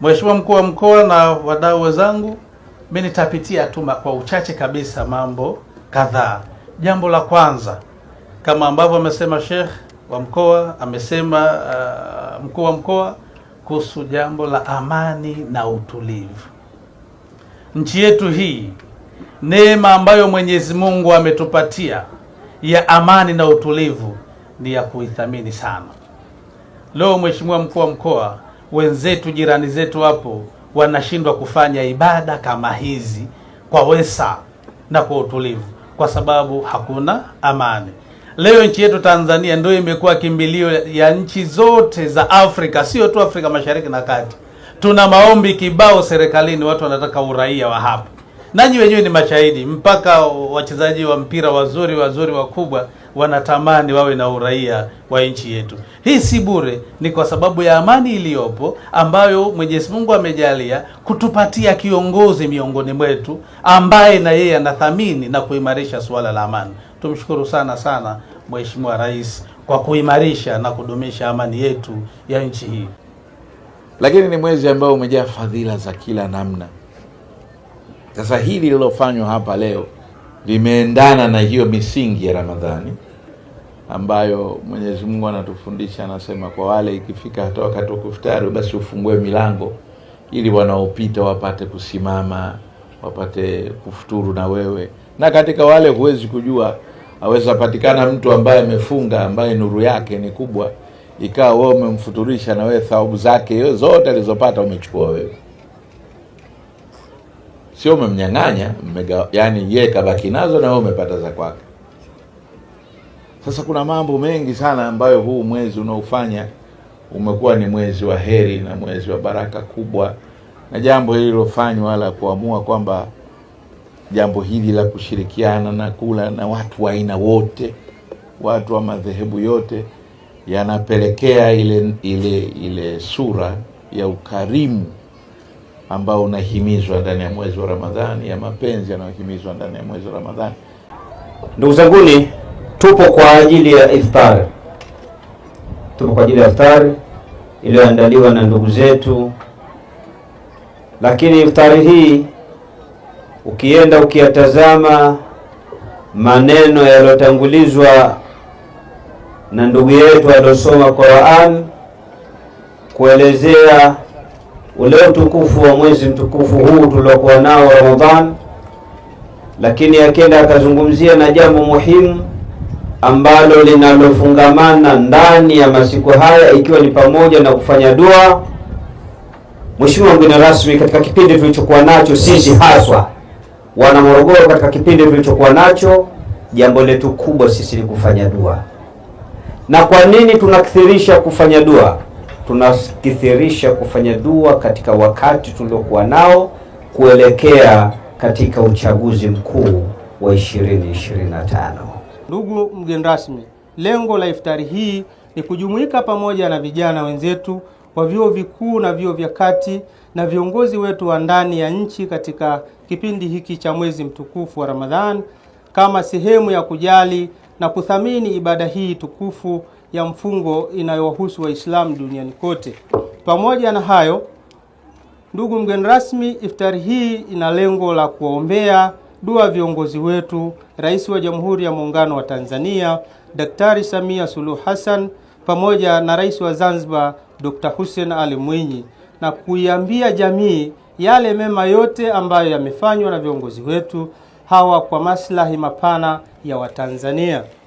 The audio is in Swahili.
Mheshimiwa mkuu wa mkoa na wadau wenzangu, mimi nitapitia tu kwa uchache kabisa mambo kadhaa. Jambo la kwanza kama ambavyo amesema Sheikh wa mkoa amesema uh, mkuu wa mkoa kuhusu jambo la amani na utulivu. Nchi yetu hii neema ambayo Mwenyezi Mungu ametupatia ya amani na utulivu ni ya kuithamini sana. Leo Mheshimiwa mkuu wa mkoa wenzetu jirani zetu hapo wanashindwa kufanya ibada kama hizi kwa wesa na kwa utulivu, kwa sababu hakuna amani. Leo nchi yetu Tanzania ndio imekuwa kimbilio ya nchi zote za Afrika, sio tu Afrika Mashariki na Kati. Tuna maombi kibao serikalini, watu wanataka uraia wa hapa, nanyi wenyewe ni mashahidi, mpaka wachezaji wa mpira wazuri wazuri wakubwa wanatamani wawe na uraia wa nchi yetu. Hii si bure, ni kwa sababu ya amani iliyopo ambayo Mwenyezi Mungu amejalia kutupatia kiongozi miongoni mwetu ambaye na yeye anathamini na kuimarisha suala la amani. Tumshukuru sana sana Mheshimiwa Rais kwa kuimarisha na kudumisha amani yetu ya nchi hii. Lakini ni mwezi ambao umejaa fadhila za kila namna. Sasa hili lililofanywa hapa leo vimeendana na hiyo misingi ya Ramadhani ambayo Mwenyezi Mungu anatufundisha, anasema kwa wale ikifika hata wakati wa kufutari, basi ufungue milango ili wanaopita wapate kusimama wapate kufuturu na wewe. Na katika wale huwezi kujua, aweza patikana mtu ambaye amefunga, ambaye nuru yake ni kubwa, ikawa wewe umemfuturisha, na wewe thawabu zake zote alizopata umechukua wewe sio umemnyang'anya, yani ye kabaki nazo na wewe umepata za kwake. Sasa kuna mambo mengi sana ambayo huu mwezi unaofanya umekuwa ni mwezi wa heri na mwezi wa baraka kubwa, na jambo lilofanywa la kuamua kwamba jambo hili la kushirikiana na kula na watu wa aina wote, watu wa madhehebu yote, yanapelekea ile ile ile sura ya ukarimu ambao unahimizwa ndani ya mwezi wa Ramadhani, ya mapenzi yanayohimizwa ndani ya mwezi wa Ramadhani. Ndugu zanguni, tupo kwa ajili ya iftar, tupo kwa ajili ya iftar iliyoandaliwa na ndugu zetu, lakini iftari hii ukienda ukiyatazama maneno yaliyotangulizwa na ndugu yetu aliyosoma Qur'an kuelezea ule utukufu wa mwezi mtukufu huu tuliokuwa nao Ramadhan, lakini akenda akazungumzia na jambo muhimu ambalo linalofungamana ndani ya masiku haya ikiwa ni pamoja na kufanya dua. Mheshimiwa mgeni rasmi, katika kipindi tulichokuwa nacho sisi haswa wana Morogoro, katika kipindi tulichokuwa nacho, jambo letu kubwa sisi ni kufanya dua. Na kwa nini tunakithirisha kufanya dua? tunakithirisha kufanya dua katika wakati tuliokuwa nao kuelekea katika uchaguzi mkuu wa 2025. Ndugu mgeni rasmi, lengo la iftari hii ni kujumuika pamoja na vijana wenzetu wa vyuo vikuu na vyuo vya kati na viongozi wetu wa ndani ya nchi katika kipindi hiki cha mwezi mtukufu wa Ramadhan kama sehemu ya kujali na kuthamini ibada hii tukufu ya mfungo inayowahusu Waislamu duniani kote. Pamoja na hayo, ndugu mgeni rasmi, iftari hii ina lengo la kuwaombea dua viongozi wetu, Rais wa Jamhuri ya Muungano wa Tanzania Daktari Samia Suluhu Hassan pamoja na Rais wa Zanzibar Dr. Hussein Ali Mwinyi na kuiambia jamii yale mema yote ambayo yamefanywa na viongozi wetu hawa kwa maslahi mapana ya Watanzania.